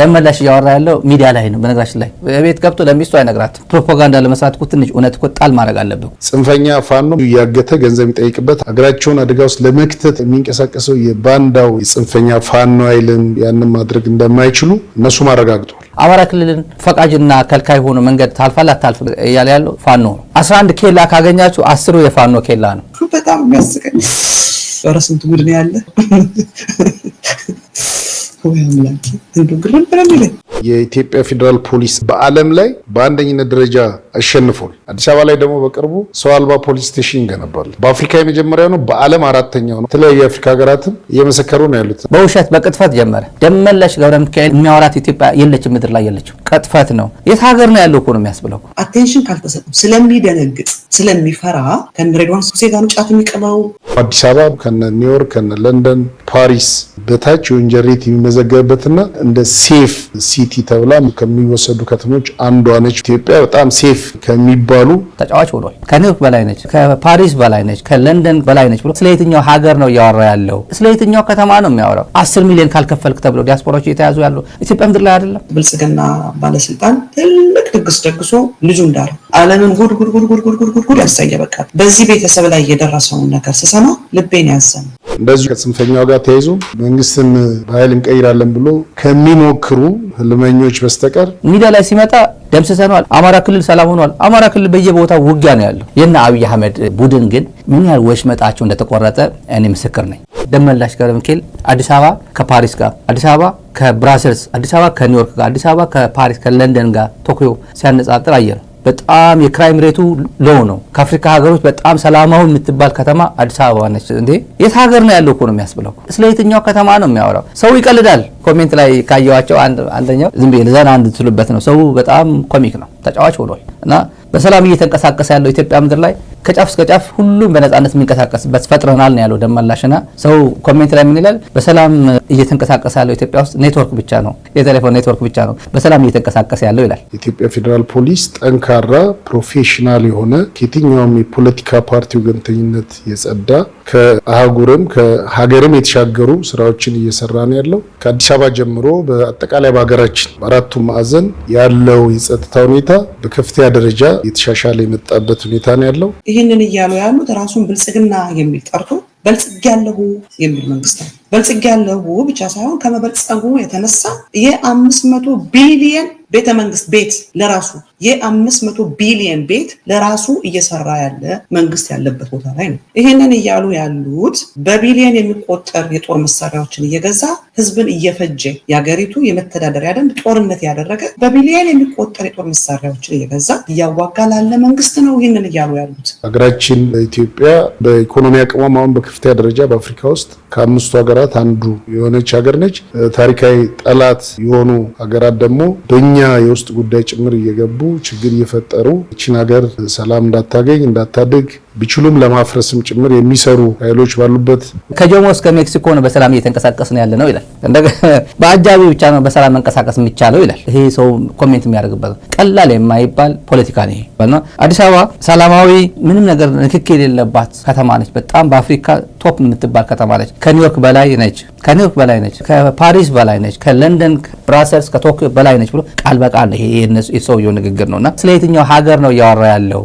ለመላሽ እያወራ ያለው ሚዲያ ላይ ነው። በነገራችን ላይ ቤት ገብቶ ለሚስቱ አይነግራትም። ፕሮፓጋንዳ ለመስራት እኮ ትንሽ እውነት እኮ ጣል ማድረግ አለበት። ጽንፈኛ ፋኖ እያገተ ገንዘብ የሚጠይቅበት ሀገራቸውን አደጋ ውስጥ ለመክተት የሚንቀሳቀሰው የባንዳው የጽንፈኛ ፋኖ አይልም። ያንን ማድረግ እንደማይችሉ እነሱም አረጋግጠዋል አማራ ክልልን ፈቃጅና ከልካይ ሆኖ መንገድ ታልፋል አታልፍ እያለ ያለው ፋኖ ነው። 11 ኬላ ካገኛችሁ አስሩ የፋኖ ኬላ ነው። በጣም የሚያስቀኝ ረስንት ቡድን ያለ የኢትዮጵያ ፌዴራል ፖሊስ በዓለም ላይ በአንደኝነት ደረጃ አሸንፏል። አዲስ አበባ ላይ ደግሞ በቅርቡ ሰው አልባ ፖሊስ ስቴሽን ይገነባል። በአፍሪካ የመጀመሪያው ነው፣ በዓለም አራተኛው ነው። የተለያዩ የአፍሪካ ሀገራትም እየመሰከሩ ነው ያሉት። በውሸት በቅጥፈት ጀመረ። ደመላሽ ገብረ ሚካኤል የሚያወራት ኢትዮጵያ የለችም፣ ምድር ላይ የለችም። ቅጥፈት ነው። የት ሀገር ነው ያለው እኮ ነው የሚያስብለው። አቴንሽን ካልተሰጠም ስለሚደነግጥ ስለሚፈራ ከንሬድዋን ሱሴ ጋር ጫት የሚቀባው አዲስ አበባ ከነ ኒውዮርክ ከነ ለንደን ፓሪስ በታች ወንጀሬት የሚመዘገብበትና እንደ ሴፍ ሲቲ ተብላ ከሚወሰዱ ከተሞች አንዷ ነች። ኢትዮጵያ በጣም ሴፍ ከሚባሉ ተጫዋች ሆኗል። ከኒውዮርክ በላይ ነች፣ ከፓሪስ በላይ ነች፣ ከለንደን በላይ ነች ብሎ ስለ የትኛው ሀገር ነው እያወራ ያለው? ስለ የትኛው ከተማ ነው የሚያወራው? አስር ሚሊዮን ካልከፈልክ ተብሎ ዲያስፖራዎች እየተያዙ ያሉ ኢትዮጵያ ምድር ላይ አይደለም። ብልጽግና ባለስልጣን ትልቅ ድግስ ደግሶ ልጁ እንዳለ አለምን ጉድጉድጉድጉድጉድጉድ ያሳየ በቃ በዚህ ቤተሰብ ላይ የደረሰውን ነገር ስሰማ ልቤን ያዘነ። እንደዚሁ ከጽንፈኛው ጋር ተያይዞ መንግስትን በኃይል እንቀይራለን ብሎ ከሚሞክሩ ህልመኞች በስተቀር ሚዲያ ላይ ሲመጣ ደምስሰነዋል። አማራ ክልል ሰላም ሆኗል። አማራ ክልል በየቦታው ውጊያ ነው ያለው። የነ አብይ አህመድ ቡድን ግን ምን ያህል ወሽመጣቸው እንደተቆረጠ እኔ ምስክር ነኝ። ደመላሽ ገብረ ሚካኤል አዲስ አበባ ከፓሪስ ጋር፣ አዲስ አበባ ከብራሰልስ፣ አዲስ አበባ ከኒውዮርክ ጋር፣ አዲስ አበባ ከፓሪስ ከለንደን ጋር ቶኪዮ ሲያነጻጥር አየር በጣም የክራይም ሬቱ ሎው ነው። ከአፍሪካ ሀገሮች በጣም ሰላማዊ የምትባል ከተማ አዲስ አበባ ነች። እንዴ የት ሀገር ነው ያለው እኮ ነው የሚያስብለው። ስለ የትኛው ከተማ ነው የሚያወራው? ሰው ይቀልዳል። ኮሜንት ላይ ካየዋቸው አንደኛው ዝም ብዬ ልዘና እንድትሉበት ነው። ሰው በጣም ኮሚክ ነው፣ ተጫዋች ሆኗል። እና በሰላም እየተንቀሳቀሰ ያለው ኢትዮጵያ ምድር ላይ ከጫፍ እስከ ጫፍ ሁሉም በነፃነት የሚንቀሳቀስበት ፈጥረናል ነው ያለው ደመላሽና ሰው ኮሜንት ላይ ምን ይላል በሰላም እየተንቀሳቀሰ ያለው ኢትዮጵያ ውስጥ ኔትወርክ ብቻ ነው፣ የቴሌፎን ኔትወርክ ብቻ ነው በሰላም እየተንቀሳቀሰ ያለው ይላል። የኢትዮጵያ ፌዴራል ፖሊስ ጠንካራ ፕሮፌሽናል የሆነ ከየትኛውም የፖለቲካ ፓርቲ ወገንተኝነት የጸዳ ከአህጉርም ከሀገርም የተሻገሩ ስራዎችን እየሰራ ነው ያለው። ከአዲስ አበባ ጀምሮ በአጠቃላይ በሀገራችን በአራቱ ማዕዘን ያለው የጸጥታ ሁኔታ በከፍተኛ ደረጃ የተሻሻለ የመጣበት ሁኔታ ነው ያለው። ይህንን እያሉ ያሉት ራሱን ብልጽግና የሚል ጠርቶ በልጽግ ያለሁ የሚል መንግስት ነው። በልጽግ ያለው ብቻ ሳይሆን ከመበልጸጉ የተነሳ የአምስት መቶ ቢሊየን ቤተ መንግስት ቤት ለራሱ የአምስት መቶ ቢሊየን ቤት ለራሱ እየሰራ ያለ መንግስት ያለበት ቦታ ላይ ነው። ይህንን እያሉ ያሉት በቢሊየን የሚቆጠር የጦር መሳሪያዎችን እየገዛ ህዝብን እየፈጀ የሀገሪቱ የመተዳደሪያ ደንብ ጦርነት ያደረገ በቢሊየን የሚቆጠር የጦር መሳሪያዎችን እየገዛ እያዋጋ ላለ መንግስት ነው ይህንን እያሉ ያሉት። ሀገራችን ኢትዮጵያ በኢኮኖሚ አቅሟም አሁን በከፍተኛ ደረጃ በአፍሪካ ውስጥ ከአምስቱ ሀገር ሀገራት አንዱ የሆነች ሀገር ነች። ታሪካዊ ጠላት የሆኑ ሀገራት ደግሞ በእኛ የውስጥ ጉዳይ ጭምር እየገቡ ችግር እየፈጠሩ እችን ሀገር ሰላም እንዳታገኝ እንዳታድግ ቢችሉም ለማፍረስም ጭምር የሚሰሩ ኃይሎች ባሉበት ከጆሞ እስከ ሜክሲኮ ነው በሰላም እየተንቀሳቀስ ነው ያለ ነው ይላል። በአጃቢ ብቻ ነው በሰላም መንቀሳቀስ የሚቻለው ይላል። ይሄ ሰው ኮሜንት የሚያደርግበት ቀላል የማይባል ፖለቲካ ነው ይሄ። አዲስ አበባ ሰላማዊ ምንም ነገር ንክክ የሌለባት ከተማ ነች። በጣም በአፍሪካ ቶፕ የምትባል ከተማ ነች። ከኒውዮርክ በላይ ነች። ከኒውዮርክ በላይ ነች። ከፓሪስ በላይ ነች። ከለንደን፣ ብራሰልስ፣ ከቶኪዮ በላይ ነች ብሎ ቃል በቃል ይሄ የሰውየው ንግግር ነው እና ስለ የትኛው ሀገር ነው እያወራ ያለው?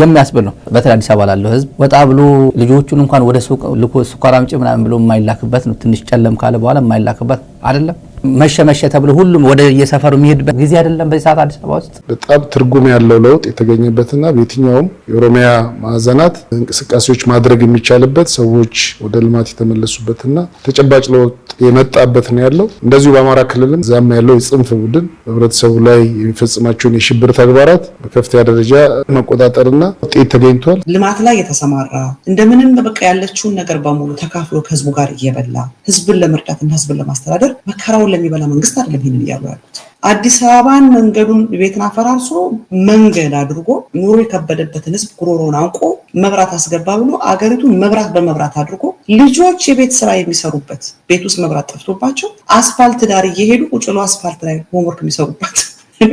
የሚያስብል ነው። በተለይ አዲስ አበባ ላለው ህዝብ ወጣ ብሎ ልጆቹን እንኳን ወደ ሱቅ ልኮ ስኳር አምጪ ምናምን ብሎ የማይላክበት ነው። ትንሽ ጨለም ካለ በኋላ የማይላክበት አይደለም። መሸ ተብሎ ሁሉም ወደ የሰፈሩ የሚሄድበት ጊዜ አይደለም። በዚህ ሰዓት አዲስ አበባ ውስጥ በጣም ትርጉም ያለው ለውጥ የተገኘበትና በየትኛውም የኦሮሚያ ማዕዘናት እንቅስቃሴዎች ማድረግ የሚቻልበት ሰዎች ወደ ልማት የተመለሱበትና ተጨባጭ ለውጥ የመጣበት ነው ያለው። እንደዚሁ በአማራ ክልልም እዚያም ያለው የጽንፍ ቡድን በህብረተሰቡ ላይ የሚፈጽማቸውን የሽብር ተግባራት በከፍተኛ ደረጃ መቆጣጠርና ውጤት ተገኝቷል። ልማት ላይ የተሰማራ እንደምንም በቃ ያለችውን ነገር በሙሉ ተካፍሎ ከህዝቡ ጋር እየበላ ህዝብን ለመርዳትና ህዝብን ለማስተዳደር መከራው ሰው ለሚበላ መንግስት አይደለም ይህንን እያሉ ያሉት። አዲስ አበባን መንገዱን ቤትን አፈራርሶ መንገድ አድርጎ ኑሮ የከበደበትን ህዝብ ጉሮሮን አንቆ መብራት አስገባ ብሎ አገሪቱን መብራት በመብራት አድርጎ ልጆች የቤት ስራ የሚሰሩበት ቤት ውስጥ መብራት ጠፍቶባቸው አስፋልት ዳር እየሄዱ ቁጭሎ አስፋልት ላይ ሆምወርክ የሚሰሩበት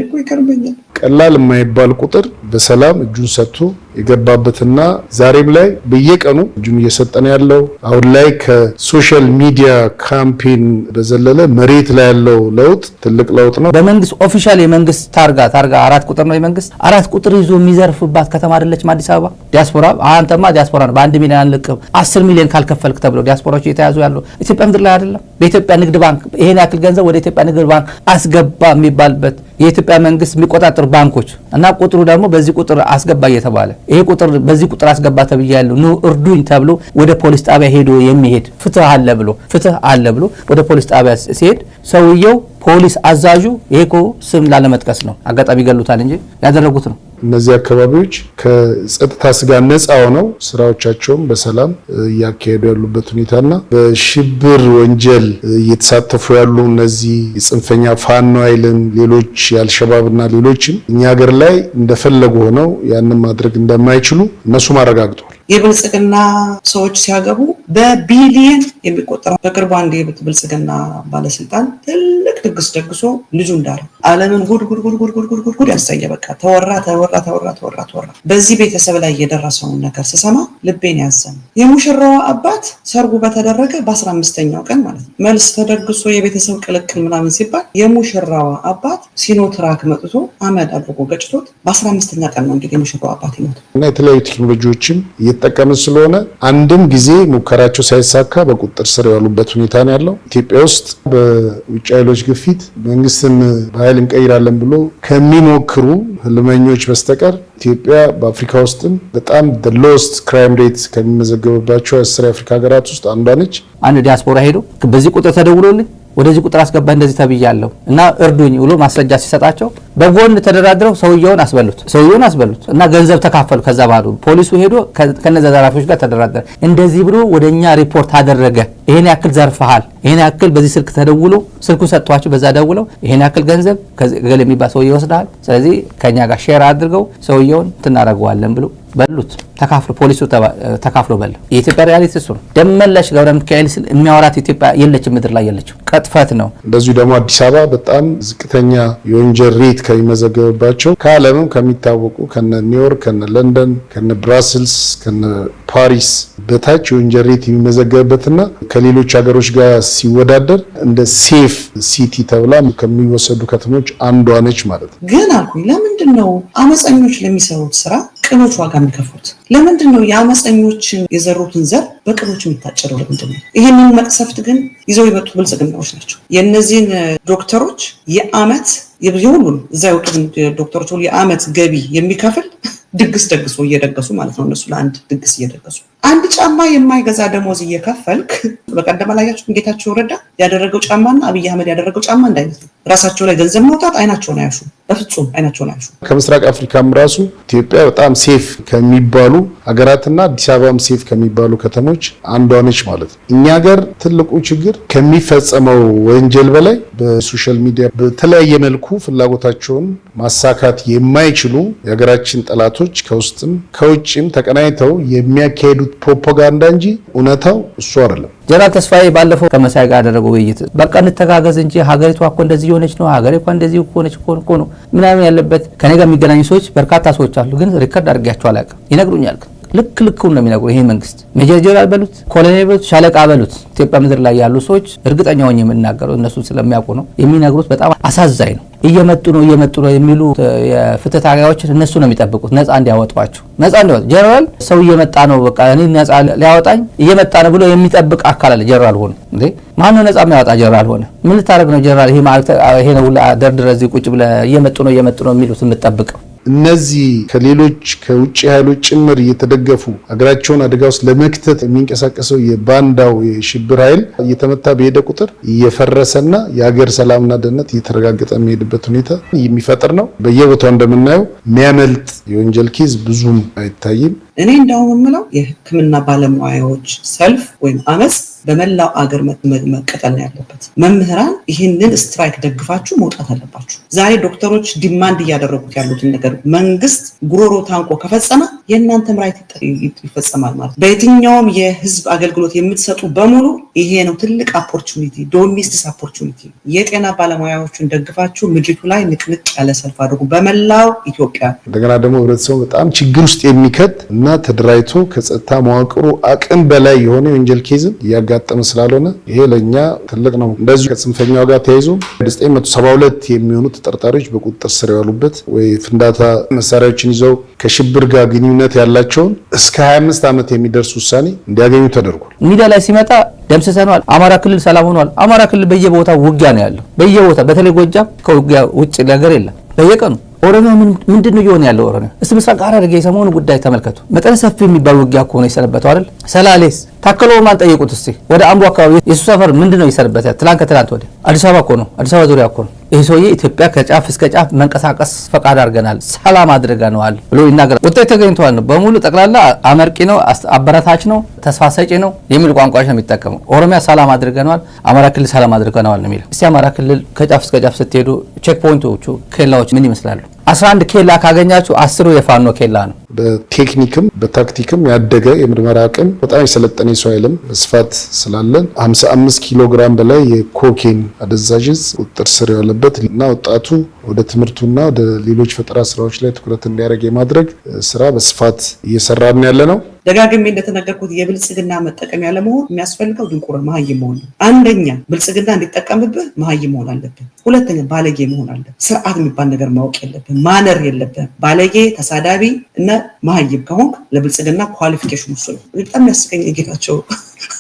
እኮ ይገርመኛል። ቀላል የማይባል ቁጥር በሰላም እጁን ሰጥቶ የገባበትና ዛሬም ላይ በየቀኑ እጁን እየሰጠን ያለው አሁን ላይ ከሶሻል ሚዲያ ካምፔን በዘለለ መሬት ላይ ያለው ለውጥ ትልቅ ለውጥ ነው። በመንግስት ኦፊሻል የመንግስት ታርጋ ታርጋ አራት ቁጥር ነው የመንግስት አራት ቁጥር ይዞ የሚዘርፍባት ከተማ አይደለችም አዲስ አበባ። ዲያስፖራ አንተማ ዲያስፖራ ነው በአንድ ሚሊዮን አንለቅም አስር ሚሊዮን ካልከፈልክ ተብሎ ዲያስፖራዎች እየተያዙ ያለው ኢትዮጵያ ምድር ላይ አይደለም። በኢትዮጵያ ንግድ ባንክ ይሄን ያክል ገንዘብ ወደ ኢትዮጵያ ንግድ ባንክ አስገባ የሚባልበት የኢትዮጵያ መንግስት የሚቆጣጠሩ ባንኮች እና ቁጥሩ ደግሞ በዚህ ቁጥር አስገባ እየተባለ ይሄ ቁጥር በዚህ ቁጥር አስገባ ተብያ ያለው ኑ እርዱኝ ተብሎ ወደ ፖሊስ ጣቢያ ሄዶ የሚሄድ ፍትህ አለ ብሎ ፍትህ አለ ብሎ ወደ ፖሊስ ጣቢያ ሲሄድ ሰውየው ፖሊስ አዛዡ ይሄ እኮ ስም ላለመጥቀስ ነው አጋጣሚ ይገሉታል እንጂ ያደረጉት ነው እነዚህ አካባቢዎች ከጸጥታ ስጋ ነፃ ሆነው ስራዎቻቸውን በሰላም እያካሄዱ ያሉበት ሁኔታና በሽብር ወንጀል እየተሳተፉ ያሉ እነዚህ የጽንፈኛ ፋኖ አይልን ሌሎች የአልሸባብና ሌሎችም እኛ ሀገር ላይ እንደፈለጉ ሆነው ያንን ማድረግ እንደማይችሉ እነሱም አረጋግጠዋል። የብልጽግና ሰዎች ሲያገቡ በቢሊየን የሚቆጠረው በቅርቡ አንድ የብልጽግና ባለስልጣን ትልቅ ድግስ ደግሶ ልጁ እንዳለ ዓለምን ጉድ ጉድ ጉድ ጉድ ጉድ ጉድ ጉድ ያሳየ በቃ ተወራ ተወራ ተወራ ተወራ ተወራ። በዚህ ቤተሰብ ላይ የደረሰውን ነገር ስሰማ ልቤን ያዘነ። የሙሽራዋ አባት ሰርጉ በተደረገ በአስራ አምስተኛው ቀን ማለት ነው መልስ ተደግሶ የቤተሰብ ቅልቅል ምናምን ሲባል የሙሽራዋ አባት ሲኖትራክ መጥቶ አመድ አድርጎ ገጭቶት በአስራ አምስተኛ ቀን ነው እንግዲህ የሙሽራዋ አባት ይሞት እና የተለያዩ ቴክኖሎጂዎችም እየተጠቀምን ስለሆነ አንድም ጊዜ ሙከራቸው ሳይሳካ በቁጥር ስር ያሉበት ሁኔታ ነው ያለው ኢትዮጵያ ውስጥ በውጭ ኃይሎች በፊት መንግስትን በኃይል እንቀይራለን ብሎ ከሚሞክሩ ህልመኞች በስተቀር ኢትዮጵያ በአፍሪካ ውስጥም በጣም ሎስት ክራይም ሬት ከሚመዘገብባቸው አስር የአፍሪካ ሀገራት ውስጥ አንዷ ነች። አንድ ዲያስፖራ ሄዶ በዚህ ቁጥር ተደውሎልኝ ወደዚህ ቁጥር አስገባ እንደዚህ ተብያለሁ እና እርዱኝ ብሎ ማስረጃ ሲሰጣቸው በጎን ተደራድረው ሰውየውን አስበሉት ሰውየውን አስበሉት እና ገንዘብ ተካፈሉ። ከዛ ባሉ ፖሊሱ ሄዶ ከነዚ ዘራፊዎች ጋር ተደራደረ። እንደዚህ ብሎ ወደኛ ሪፖርት አደረገ። ይሄን ያክል ዘርፈሃል ይህን ያክል በዚህ ስልክ ተደውሎ ስልኩን ሰጥቷቸው በዛ ደውለው ይሄን ያክል ገንዘብ ገል የሚባል ሰውዬ ይወስዳል፣ ስለዚህ ከእኛ ጋር ሼር አድርገው ሰውየውን ትናደርገዋለን ብሎ በሉት። ተካፍሎ ፖሊሱ ተካፍሎ በለ የኢትዮጵያ ሪያሊቲ እሱ ነው። ደመለሽ ገብረ ሚካኤል ስል የሚያወራት ኢትዮጵያ የለችም፣ ምድር ላይ የለችም። ቀጥፈት ነው። እንደዚሁ ደግሞ አዲስ አበባ በጣም ዝቅተኛ የወንጀል ሬት ከሚመዘገብባቸው ከዓለምም ከሚታወቁ ከነ ኒውዮርክ፣ ከነ ለንደን፣ ከነ ብራስልስ፣ ከነ ፓሪስ በታች የወንጀል ሬት የሚመዘገብበትና ከሌሎች ሀገሮች ጋር ሲወዳደር እንደ ሴፍ ሲቲ ተብላ ከሚወሰዱ ከተሞች አንዷ ነች ማለት ነው። ግን አልኩኝ ለምንድን ነው አመፀኞች ለሚሰሩት ስራ ቅኖች ዋጋ የሚከፍሉት? ለምንድን ነው የአመፀኞችን የዘሩትን ዘር በቅኖች የሚታጨደው? ለምንድን ነው ይህንን መቅሰፍት ግን ይዘው የመጡ ብልጽግናዎች ናቸው። የእነዚህን ዶክተሮች የአመት የሁሉን እዛ የወጡትን ዶክተሮች ሁሉ የአመት ገቢ የሚከፍል ድግስ ደግሶ እየደገሱ ማለት ነው። እነሱ ለአንድ ድግስ እየደገሱ አንድ ጫማ የማይገዛ ደሞዝ እየከፈልክ በቀደም አላያችሁም? ጌታቸው ረዳ ያደረገው ጫማና አብይ አህመድ ያደረገው ጫማ አንድ አይነት ነው። ራሳቸው ላይ ገንዘብ መውጣት አይናቸውን አያሹ፣ በፍጹም አይናቸውን አያሹ። ከምስራቅ አፍሪካም ራሱ ኢትዮጵያ በጣም ሴፍ ከሚባሉ ሀገራትና አዲስ አበባም ሴፍ ከሚባሉ ከተሞች አንዷ ነች ማለት ነው። እኛ ሀገር ትልቁ ችግር ከሚፈጸመው ወንጀል በላይ በሶሻል ሚዲያ በተለያየ መልኩ ፍላጎታቸውን ማሳካት የማይችሉ የሀገራችን ጠላቶች አካላቶች ከውስጥም ከውጭም ተቀናይተው የሚያካሄዱት ፕሮፓጋንዳ እንጂ እውነታው እሱ አይደለም። ጀነራል ተስፋዬ ባለፈው ከመሳይ ጋር ያደረገው ውይይት በቃ እንተጋገዝ እንጂ ሀገሪቷ እኮ እንደዚህ የሆነች ነው ሀገሬ እኮ እንደዚህ ሆነች እኮ ነው ምናምን ያለበት ከኔ ጋር የሚገናኙ ሰዎች በርካታ ሰዎች አሉ፣ ግን ሪከርድ አድርጌያቸው አላውቅም። ይነግሩኛል ግን ልክ ልክ ነው የሚነግሩ። ይሄ መንግስት ሜጀር በሉት ኮሎኔል በሉት ሻለቃ በሉት ኢትዮጵያ ምድር ላይ ያሉ ሰዎች እርግጠኛ ሆኜ የምናገረው እነሱ ስለሚያውቁ ነው። የሚነግሩት በጣም አሳዛኝ ነው። እየመጡ ነው እየመጡ ነው የሚሉ የፍትህ ታጋዮችን እነሱ ነው የሚጠብቁት፣ ነጻ እንዲያወጧቸው ነጻ እንዲያወጡ። ጀነራል ሰው እየመጣ ነው በቃ እኔ ነጻ ሊያወጣኝ እየመጣ ነው ብሎ የሚጠብቅ አካል አለ። ጀነራል ሆነ እንዴ ማን ነው ነጻ የሚያወጣ? ጀነራል ሆነ ምን ልታደርግ ነው ጀነራል? ይሄ ነው ደርድረ እዚህ ቁጭ ብለህ እየመጡ ነው እየመጡ ነው የሚሉት የምጠብቀው እነዚህ ከሌሎች ከውጭ ኃይሎች ጭምር እየተደገፉ ሀገራቸውን አደጋ ውስጥ ለመክተት የሚንቀሳቀሰው የባንዳው የሽብር ኃይል እየተመታ በሄደ ቁጥር እየፈረሰና የሀገር ሰላምና ደህንነት እየተረጋገጠ የሚሄድበት ሁኔታ የሚፈጥር ነው። በየቦታው እንደምናየው የሚያመልጥ የወንጀል ኬዝ ብዙም አይታይም። እኔ እንደውም የምለው የሕክምና ባለሙያዎች ሰልፍ ወይም አመፅ በመላው አገር መቀጠል ነው ያለበት። መምህራን ይህንን ስትራይክ ደግፋችሁ መውጣት አለባችሁ። ዛሬ ዶክተሮች ዲማንድ እያደረጉት ያሉትን ነገር መንግስት ጉሮሮ ታንቆ ከፈጸመ የእናንተም ራይት ይፈጸማል ማለት ነው። በየትኛውም የህዝብ አገልግሎት የምትሰጡ በሙሉ ይሄ ነው ትልቅ አፖርቹኒቲ፣ ዶሚስትስ አፖርቹኒቲ። የጤና ባለሙያዎቹን ደግፋችሁ ምድሪቱ ላይ ንቅንቅ ያለ ሰልፍ አድርጉ በመላው ኢትዮጵያ። እንደገና ደግሞ ህብረተሰቡ በጣም ችግር ውስጥ የሚከት እና ተደራጅቶ ከጸጥታ መዋቅሩ አቅም በላይ የሆነ የወንጀል ኬዝን እያጋ ያጋጠመ ስላልሆነ ይሄ ለእኛ ትልቅ ነው። እንደዚሁ ከጽንፈኛው ጋር ተያይዞ 972 የሚሆኑ ተጠርጣሪዎች በቁጥጥር ስር የዋሉበት ወይ ፍንዳታ መሳሪያዎችን ይዘው ከሽብር ጋር ግንኙነት ያላቸውን እስከ 25 ዓመት የሚደርስ ውሳኔ እንዲያገኙ ተደርጓል። ሚዲያ ላይ ሲመጣ ደምስሰነዋል፣ አማራ ክልል ሰላም ሆኗል። አማራ ክልል በየቦታው ውጊያ ነው ያለው። በየቦታ በተለይ ጎጃም ከውጊያ ውጭ ነገር የለም በየቀኑ ኦሮሚያ ምንድን ነው እየሆነ ያለው? ኦሮሚያ እስ ምስራቅ ሐረርጌ የሰሞኑ ጉዳይ ተመልከቱ። መጠነ ሰፊ የሚባል ውጊያ ከሆነ የሰነበተው አይደል? ሰላሌስ ማን ጠይቁት እስቲ ወደ አምሮ አካባቢ የሱ ሰፈር ምንድን ነው ይሰርበት? ትላንት ከትላንት ወዲያ አዲስ አበባ እኮ ነው፣ አዲስ አበባ ዙሪያ እኮ ነው። ይህ ሰውዬ ኢትዮጵያ ከጫፍ እስከ ጫፍ መንቀሳቀስ ፈቃድ አድርገናል፣ ሰላም አድርገነዋል ብሎ ይናገራል። ውጤት ተገኝተዋል ነው በሙሉ ጠቅላላ አመርቂ ነው፣ አበረታች ነው፣ ተስፋ ሰጪ ነው የሚል ቋንቋዎች ነው የሚጠቀመው። ኦሮሚያ ሰላም አድርገነዋል፣ አማራ ክልል ሰላም አድርገነዋል ነው የሚለው። እስቲ አማራ ክልል ከጫፍ እስከ ጫፍ ስትሄዱ ቼክፖይንቶቹ ኬላዎች ምን ይመስላሉ? 11 ኬላ ካገኛችሁ አስሩ የፋኖ ኬላ ነው። በቴክኒክም በታክቲክም ያደገ የምርመራ አቅም በጣም የሰለጠነ የሰው ኃይልም በስፋት ስላለን 55 ኪሎ ግራም በላይ የኮኬን አደንዛዥ ዕፅ ቁጥጥር ስር የዋለበት እና ወጣቱ ወደ ትምህርቱና ወደ ሌሎች ፈጠራ ስራዎች ላይ ትኩረት እንዲያደርግ የማድረግ ስራ በስፋት እየሰራን ያለ ነው። ደጋግሜ እንደተነገርኩት የብልጽግና መጠቀሚያ ለመሆን የሚያስፈልገው ድንቁር መሀይም መሆን ነው። አንደኛ ብልጽግና እንዲጠቀምብህ መሀይም መሆን አለብን። ሁለተኛ ባለጌ መሆን አለብን። ስርዓት የሚባል ነገር ማወቅ የለብን ማነር የለብን ባለጌ ተሳዳቢ እና መሀይም ከሆንክ ለብልጽግና ኳሊፊኬሽን ውሱ ነው። በጣም የሚያስቀኝ የጌታቸው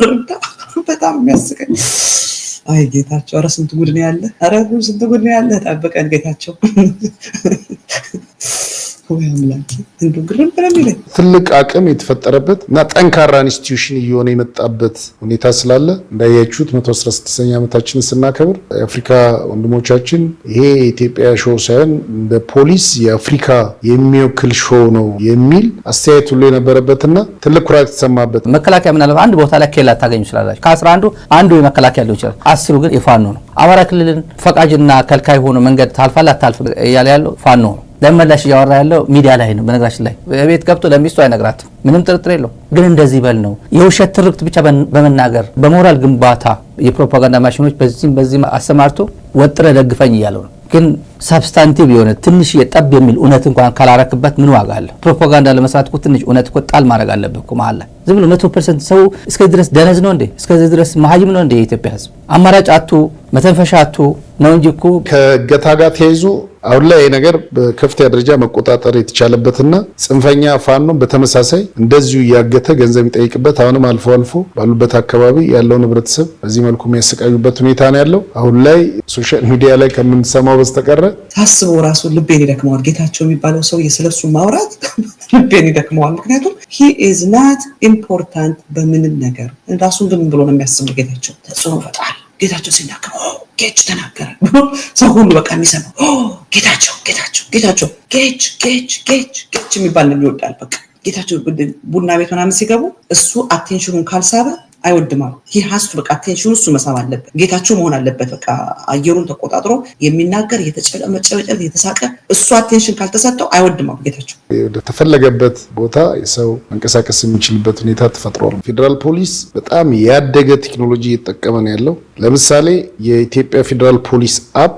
ረዳ በጣም የሚያስቀኝ አይ ጌታቸው፣ ኧረ ስንት ጉድ ነው ያለ! ኧረ ስንት ጉድ ነው ያለ! ጠብቀን ጌታቸው ትልቅ አቅም የተፈጠረበት እና ጠንካራ ኢንስቲትዩሽን እየሆነ የመጣበት ሁኔታ ስላለ እንዳያችሁት 116ኛ ዓመታችንን ስናከብር የአፍሪካ ወንድሞቻችን ይሄ የኢትዮጵያ ሾው ሳይሆን እንደ ፖሊስ የአፍሪካ የሚወክል ሾው ነው የሚል አስተያየት ሁሉ የነበረበትና ትልቅ ኩራት የተሰማበት መከላከያ ምናልባት አንድ ቦታ ላይ ኬላ ታገኙ ስላላችሁ ከአስራ አንዱ አንዱ የመከላከያ ሊሆን ይችላል። አስሩ ግን የፋኖ ነው። አማራ ክልልን ፈቃጅና ከልካይ ሆኖ መንገድ ታልፋል አታልፍ እያለ ያለው ፋኖ ነው። ለመላሽ እያወራ ያለው ሚዲያ ላይ ነው። በነገራችን ላይ ቤት ገብቶ ለሚስቱ አይነግራትም፣ ምንም ጥርጥር የለው። ግን እንደዚህ በል ነው የውሸት ትርክት ብቻ በመናገር በሞራል ግንባታ የፕሮፓጋንዳ ማሽኖች በዚህም በዚህም አሰማርቶ ወጥረ ደግፈኝ እያለው ነው። ግን ሳብስታንቲቭ የሆነ ትንሽ የጠብ የሚል እውነት እንኳን ካላረክበት ምን ዋጋ አለ? ፕሮፓጋንዳ ለመስራት እኮ ትንሽ እውነት እኮ ጣል ማድረግ አለብህ እኮ መሀል ላይ ዝም ብሎ መቶ ፐርሰንት ሰው እስከዚህ ድረስ ደነዝ ነው እንዴ? እስከዚህ ድረስ መሀይም ነው እንዴ? የኢትዮጵያ ህዝብ አማራጭ አቶ መተንፈሻ አቶ ነው እንጂ እኮ ከእገታ ጋር ተይዞ አሁን ላይ ይህ ነገር በከፍተኛ ደረጃ መቆጣጠር የተቻለበትና ጽንፈኛ ፋኖ በተመሳሳይ እንደዚሁ እያገተ ገንዘብ የሚጠይቅበት አሁንም አልፎ አልፎ ባሉበት አካባቢ ያለውን ህብረተሰብ በዚህ መልኩ የሚያሰቃዩበት ሁኔታ ነው ያለው። አሁን ላይ ሶሻል ሚዲያ ላይ ከምንሰማው በስተቀረ ታስቦ ራሱ ልቤን ይደክመዋል። ጌታቸው የሚባለው ሰው የስለሱ ማውራት ልቤን ይደክመዋል። ምክንያቱም ሂ ኢዝ ናት ኢምፖርታንት በምንም ነገር ራሱን ግን ብሎ ነው የሚያስበው። ጌታቸው ተጽዕኖ ፈጣሪ ጌታቸው ሲናገር ጌች ተናገረ ብሎ ሰው ሁሉ በቃ የሚሰማው ጌታቸው ጌታቸው ጌታቸው ጌች ጌች ጌች ጌች የሚባል ነው ይወዳል። በቃ ጌታቸው ቡና ቤት ምናምን ሲገቡ እሱ አቴንሽኑን ካልሳበ አይወድማ ይህ ሀሱ በቃ ቴንሽን እሱ መሳብ አለበት። ጌታቸው መሆን አለበት። በቃ አየሩን ተቆጣጥሮ የሚናገር የተጨመጨመጨ የተሳቀ እሱ አቴንሽን ካልተሰጠው አይወድማ ጌታችሁ። ወደተፈለገበት ቦታ የሰው መንቀሳቀስ የሚችልበት ሁኔታ ተፈጥሯል። ፌዴራል ፖሊስ በጣም ያደገ ቴክኖሎጂ እየተጠቀመ ነው ያለው። ለምሳሌ የኢትዮጵያ ፌዴራል ፖሊስ አፕ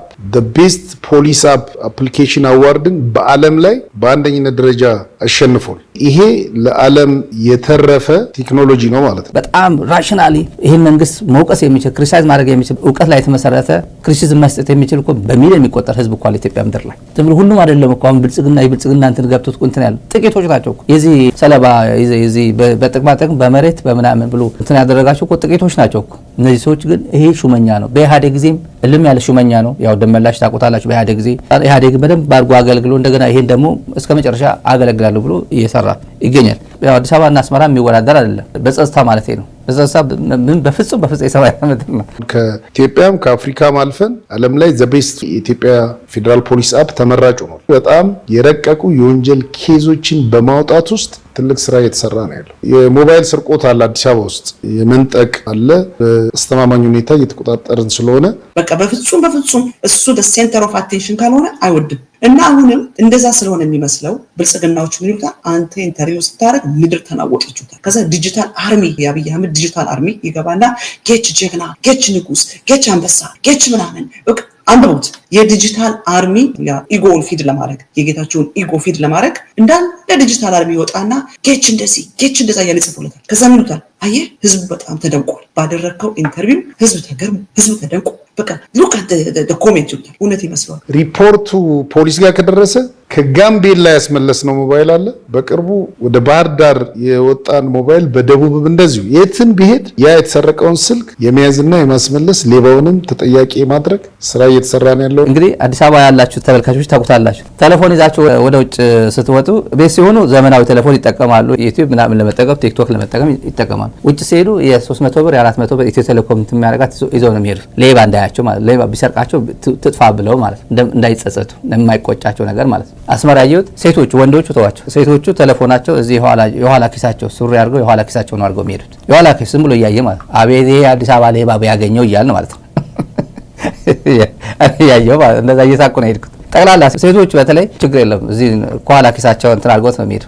ቤስት ፖሊስ አፕ አፕሊኬሽን አዋርድን በዓለም ላይ በአንደኝነት ደረጃ አሸንፏል። ይሄ ለዓለም የተረፈ ቴክኖሎጂ ነው ማለት ነው። በጣም ራሽናሊ ይህን መንግስት መውቀስ የሚችል ክሪቲሳይዝ ማድረግ የሚችል እውቀት ላይ የተመሰረተ ክሪቲሲዝም መስጠት የሚችል እኮ በሚል የሚቆጠር ህዝብ እኳ ኢትዮጵያ ምድር ላይ ዝም ብሎ ሁሉም አይደለም እኮ አሁን ብልጽግና የብልጽግና እንትን ገብቶት እንትን ያለ ጥቂቶች ናቸው የዚህ ሰለባ የዚህ በጥቅማጥቅም በመሬት በምናምን ብሎ እንትን ያደረጋቸው ጥቂቶች ናቸው እኮ እነዚህ ሰዎች ግን ይሄ ሹመኛ ነው። በኢህአዴግ ጊዜም እልም ያለ ሹመኛ ነው። ያው ደመላሽ ታቆታላችሁ። በኢህአዴግ ጊዜ ኢህአዴግ በደንብ አድርጎ አገልግሎ እንደገና ይሄን ደግሞ እስከ መጨረሻ አገለግላለሁ ብሎ እየሰራ ይገኛል። አዲስ አበባና አስመራ የሚወዳደር አይደለም። በጸጥታ ማለት ነው። በጸጥታ በፍጹም በፍጹም የሰማይ ምድር ነው። ከኢትዮጵያም ከአፍሪካም አልፈን ዓለም ላይ ዘቤስት የኢትዮጵያ ፌዴራል ፖሊስ አፕ ተመራጭ ሆኗል። በጣም የረቀቁ የወንጀል ኬዞችን በማውጣት ውስጥ ትልቅ ስራ እየተሰራ ነው ያለው። የሞባይል ስርቆት አለ፣ አዲስ አበባ ውስጥ የመንጠቅ አለ። በአስተማማኝ ሁኔታ እየተቆጣጠርን ስለሆነ በቃ በፍጹም በፍጹም እሱ ሴንተር ኦፍ አቴንሽን ካልሆነ አይወድም እና አሁንም እንደዛ ስለሆነ የሚመስለው ብልጽግናዎች ምን ይሉታል፣ አንተ ኢንተርቪው ስታደርግ ምድር ተናወጠችታል። ከዛ ዲጂታል አርሚ የአብይ አህመድ ዲጂታል አርሚ ይገባና ጌች ጀግና፣ ጌች ንጉስ፣ ጌች አንበሳ፣ ጌች ምናምን አንብቡት። የዲጂታል አርሚ ኢጎውን ፊድ ለማድረግ የጌታቸውን ኢጎ ፊድ ለማድረግ እንዳል ለዲጂታል አርሚ ይወጣና ጌች እንደዚህ ጌች እንደዛ እያለ ይጽፉለታል። ከዛ ይሉታል፣ አየህ ህዝቡ በጣም ተደንቋል፣ ባደረግከው ኢንተርቪው ህዝብ ተገርሞ ህዝብ ተደንቆ በቃ ሉክ ኮሜንት ይወጣል። እውነት ይመስለዋል ሪፖርቱ ፖሊስ ጋር ከደረሰ ከጋምቤላ ያስመለስ ነው ሞባይል አለ። በቅርቡ ወደ ባህር ዳር የወጣን ሞባይል በደቡብም እንደዚሁ የትን ብሄድ ያ የተሰረቀውን ስልክ የመያዝና የማስመለስ ሌባውንም ተጠያቂ ማድረግ ስራ እየተሰራ ነው ያለው። እንግዲህ አዲስ አበባ ያላችሁ ተመልካቾች ታውቁታላችሁ። ቴሌፎን ይዛችሁ ወደ ውጭ ስትወጡ ቤት ሲሆኑ ዘመናዊ ቴሌፎን ይጠቀማሉ። ዩቲዩብ ምናምን ለመጠቀም ቲክቶክ ለመጠቀም ይጠቀማሉ። ውጭ ሲሄዱ የ300 ብር የ400 ብር ኢትዮ ቴሌኮም የሚያደርጋት ይዘው ነው የሚሄዱት። ሌባ እንዳያቸው ማለት ሌባ ቢሰርቃቸው ትጥፋ ብለው ማለት እንዳይጸጸቱ የማይቆጫቸው ነገር ማለት ነው። አስመራ ያየሁት ሴቶቹ ወንዶቹ ተዋቸው። ሴቶቹ ቴሌፎናቸው እዚህ የኋላ ኪሳቸው ሱሪ አድርገው የኋላ ኪሳቸው ነው አድርገው የሚሄዱት የኋላ ኪስ ዝም ብሎ እያየ ማለት ነው። አቤት ይሄ አዲስ አበባ ሌባ ያገኘው እያልን ማለት ነው። ያየው እንደዛ እየሳቁ ነው የሄድኩት። ጠቅላላ ሴቶች በተለይ ችግር የለም። እዚህ ከኋላ ኪሳቸው እንትን አድርጎት ነው የሚሄዱ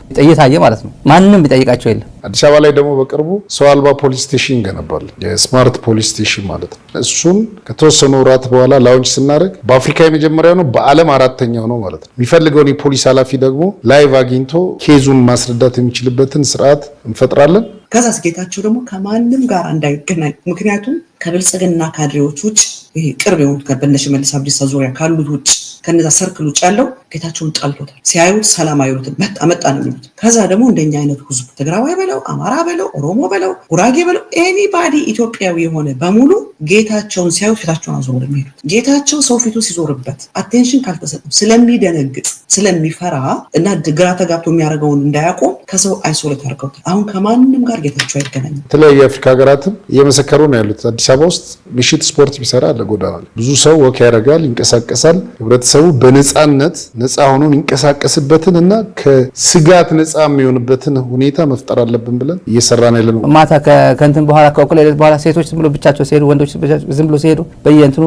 ማለት ነው። ማንም ቢጠይቃቸው የለም። አዲስ አበባ ላይ ደግሞ በቅርቡ ሰው አልባ ፖሊስ ስቴሽን ይገነባል። የስማርት ፖሊስ ስቴሽን ማለት ነው። እሱን ከተወሰኑ ወራት በኋላ ላውንች ስናደርግ በአፍሪካ የመጀመሪያ ነው፣ በዓለም አራተኛው ነው ማለት ነው። የሚፈልገውን የፖሊስ ኃላፊ ደግሞ ላይቭ አግኝቶ ኬዙን ማስረዳት የሚችልበትን ስርዓት እንፈጥራለን። ከዛ ስጌታቸው ደግሞ ከማንም ጋር እንዳይገናኝ ምክንያቱም ከብልጽግና ካድሬዎች ውጭ ቅርብ የሆኑት ከበነ አብዲሳ ዙሪያ ካሉት ውጭ ከነዛ ሰርክል ውጭ ያለው ጌታቸውን ጠልቶታል። ሲያዩት ሰላም አይሉትም። መጣ መጣ ነው የሚሉት። ከዛ ደግሞ እንደኛ አይነቱ ህዝብ ትግራዋይ በለው፣ አማራ በለው፣ ኦሮሞ በለው፣ ጉራጌ በለው፣ ኤኒባዲ ኢትዮጵያዊ የሆነ በሙሉ ጌታቸውን ሲያዩ ፊታቸውን አዞር የሚሄዱት ጌታቸው ሰው ፊቱ ሲዞርበት አቴንሽን ካልተሰጠው ስለሚደነግጥ ስለሚፈራ እና ግራ ተጋብቶ የሚያደርገውን እንዳያቆም ከሰው አይሶሌት አድርገውታል። አሁን ከማንም ጋር ጌታቸው አይገናኝም። የተለያዩ የአፍሪካ ሀገራትም እየመሰከሩ ነው ያሉት። አዲስ አበባ ውስጥ ምሽት ስፖርት ቢሰራ አለ ጎዳና ብዙ ሰው ወክ ያደርጋል፣ ይንቀሳቀሳል ህብረት ህብረተሰቡ በነፃነት ነፃ ሆኖ የሚንቀሳቀስበትን እና ከስጋት ነፃ የሚሆንበትን ሁኔታ መፍጠር አለብን ብለን እየሰራን ያለ ነው። ማታ ከእንትን በኋላ ከእኩለ ሌሊት በኋላ ሴቶች ዝም ብሎ ብቻቸው ሲሄዱ፣ ወንዶች ዝም ብሎ ሲሄዱ በየእንትኑ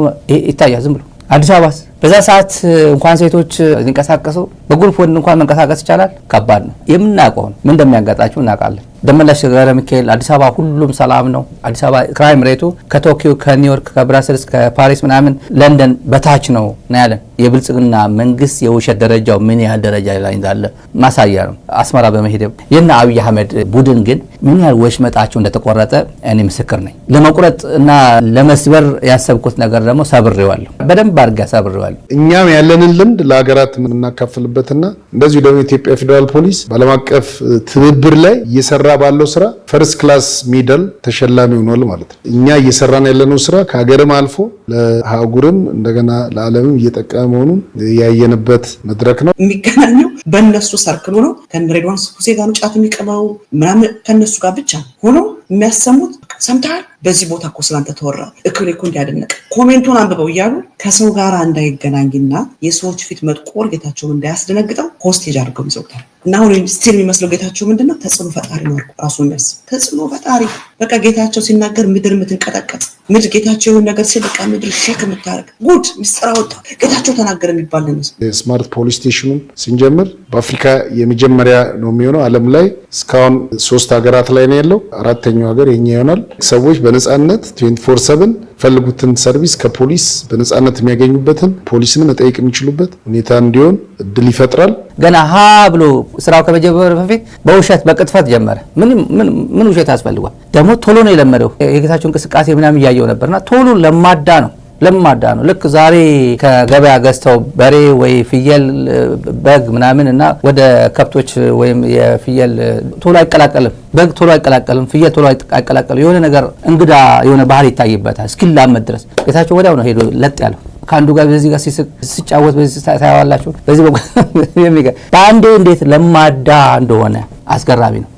ይታያል። ዝም ብሎ አዲስ አበባ በዛ ሰዓት እንኳን ሴቶች ሊንቀሳቀሱ በጉልፍ ወንድ እንኳን መንቀሳቀስ ይቻላል? ከባድ ነው። የምናውቀውን ምን እንደሚያጋጣቸው እናውቃለን። ደመላሽ ገብረ ሚካኤል አዲስ አበባ ሁሉም ሰላም ነው። አዲስ አበባ ክራይም ሬቱ ከቶኪዮ ከኒውዮርክ ከብራሰልስ ከፓሪስ ምናምን ለንደን በታች ነው ና ያለን። የብልጽግና መንግስት የውሸት ደረጃው ምን ያህል ደረጃ ላይ እንዳለ ማሳያ ነው። አስመራ በመሄድ የና አብይ አህመድ ቡድን ግን ምን ያህል ወሽመጣቸው እንደተቆረጠ እኔ ምስክር ነኝ። ለመቁረጥ እና ለመስበር ያሰብኩት ነገር ደግሞ ሰብሬዋለሁ፣ በደንብ አድርጋ ሰብሬዋለሁ። እኛም ያለንን ልምድ ለሀገራት የምናካፍልበትና እንደዚሁ ደግሞ የኢትዮጵያ ፌዴራል ፖሊስ በዓለም አቀፍ ትብብር ላይ እየሰራ ባለው ስራ ፈርስት ክላስ ሚደል ተሸላሚ ሆኗል ማለት ነው። እኛ እየሰራን ያለነው ስራ ከሀገርም አልፎ ለአህጉርም እንደገና ለዓለምም እየጠቀመ መሆኑን ያየንበት መድረክ ነው። የሚገናኘው በእነሱ ሰርክሉ ሆነው ከነሬድዋን ሁሴ ጋር ጫት የሚቀመው ምናምን ከእነሱ ጋር ብቻ ሆኖ የሚያሰሙት ሰምተሃል በዚህ ቦታ እኮ ስላንተ ተወራ፣ እክሌ እኮ እንዲያደነቅ ኮሜንቱን አንብበው እያሉ ከሰው ጋር እንዳይገናኝና የሰዎች ፊት መጥቆር ጌታቸውን እንዳያስደነግጠው ኮስቴጅ አድርገው ይዘውታል። እና አሁን ስቲል የሚመስለው ጌታቸው ምንድነው ተጽዕኖ ፈጣሪ ነው ራሱ የሚያስብ ተጽዕኖ ፈጣሪ። በቃ ጌታቸው ሲናገር ምድር የምትንቀጠቀጥ ምድር ጌታቸው የሆነ ነገር ሲል በቃ ምድር ሸክ የምታደርግ ጉድ ሚስጥር አወጣ ጌታቸው ተናገረ የሚባል ነው። ስማርት ፖሊስ ስቴሽኑን ስንጀምር በአፍሪካ የመጀመሪያ ነው የሚሆነው። ዓለም ላይ እስካሁን ሶስት ሀገራት ላይ ነው ያለው። አራተኛው ሀገር የኛ ይሆናል። ሰዎች በነፃነት 24/7 ፈልጉትን ሰርቪስ ከፖሊስ በነፃነት የሚያገኙበትን ፖሊስን መጠየቅ የሚችሉበት ሁኔታ እንዲሆን እድል ይፈጥራል። ገና ሀ ብሎ ስራው ከመጀመሩ በፊት በውሸት በቅጥፈት ጀመረ። ምን ውሸት ያስፈልጓል ደግሞ? ቶሎ ነው የለመደው። የጌታቸው እንቅስቃሴ ምናምን እያየው ነበርና ቶሎ ለማዳ ነው። ለማዳ ነው። ልክ ዛሬ ከገበያ ገዝተው በሬ ወይ ፍየል፣ በግ ምናምን እና ወደ ከብቶች ወይም የፍየል ቶሎ አይቀላቀልም፣ በግ ቶሎ አይቀላቀልም፣ ፍየል ቶሎ አይቀላቀልም። የሆነ ነገር እንግዳ የሆነ ባህል ይታይበታል። እስኪላመድ ድረስ ቤታቸው ወዲያው ነው ሄዶ ለጥ ያለው ከአንዱ ጋር በዚህ ጋር ሲጫወት በዚህ ታያዋላችሁ። በዚህ በአንዴ እንዴት ለማዳ እንደሆነ አስገራሚ ነው።